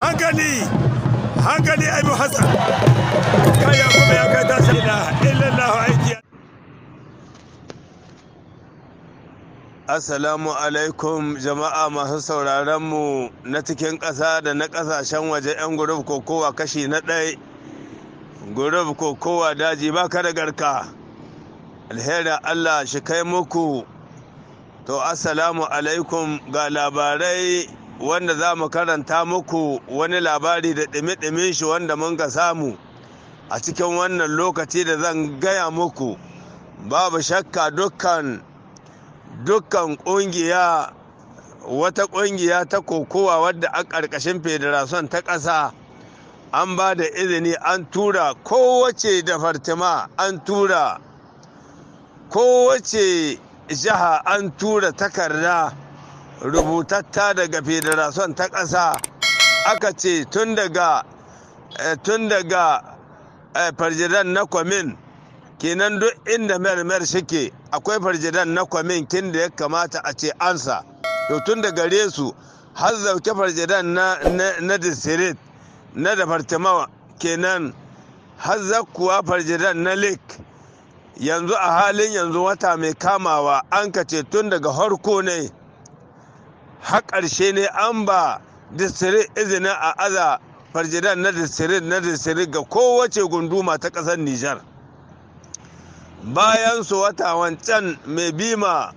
hankali hankali abu hassan kaya kuma ya kai tashi ila illallahu aiki Assalamu alaikum jama'a masu sauraronmu na cikin ƙasa da na ƙasashen waje 'yan gurub kokowa kashi na ɗai gurub kokowa daji ba ka da garka Alhera Allah shi kai muku to assalamu alaikum ga labarai wanda za mu karanta muku wani labari da ɗimi-ɗimin shi wanda mun ka samu a cikin wannan lokaci da zan gaya muku babu shakka dukkan dukkan ƙungiya wata ƙungiya ta kokowa wadda a ƙarƙashin federason ta ƙasa an ba da izini an tura kowace da fartima an tura kowace jiha an tura takarda rubutatta daga federation ta ƙasa aka ce tun daga eh, tun daga farjidan eh, na kwamin kenan duk inda mermer shike akwai farjidan na kwamin kin da ya kamata a ce ansa to tun daga resu har zauke farjidan na district na departement kenan har zakuwa farjidan na lake yanzu a halin yanzu wata mai kamawa an ka ce tun daga harko ne har ƙarshe ne an ba distirin izinin a aza farjidan na distirin na distirin ga kowace gunduma ta ƙasar nijar bayan su wata wancan mai bima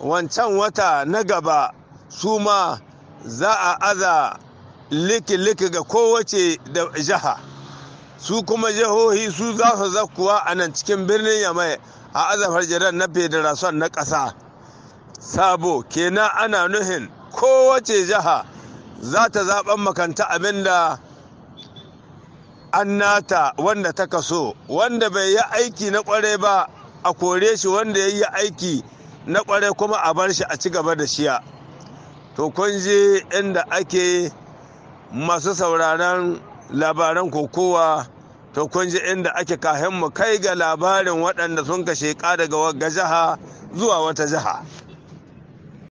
wancan wata na gaba su ma za a aza liki-liki ga kowace da jiha su kuma jihohi su za su zakuwa a nan cikin birnin yamai a azafar jiran na federation na ƙasa sabo kenan ana nuhin kowace jiha za ta zaɓen makanta abin an nata wanda ta kaso wanda bai yi aiki na kware ba a kore shi wanda ya yi aiki na kware kuma a bar shi a ci gaba da shiya to kun je inda ake masu sauraron labaran kokowa to kun je inda ake kahin mu kai ga labarin waɗanda sun kashe daga wata jiha zuwa wata jiha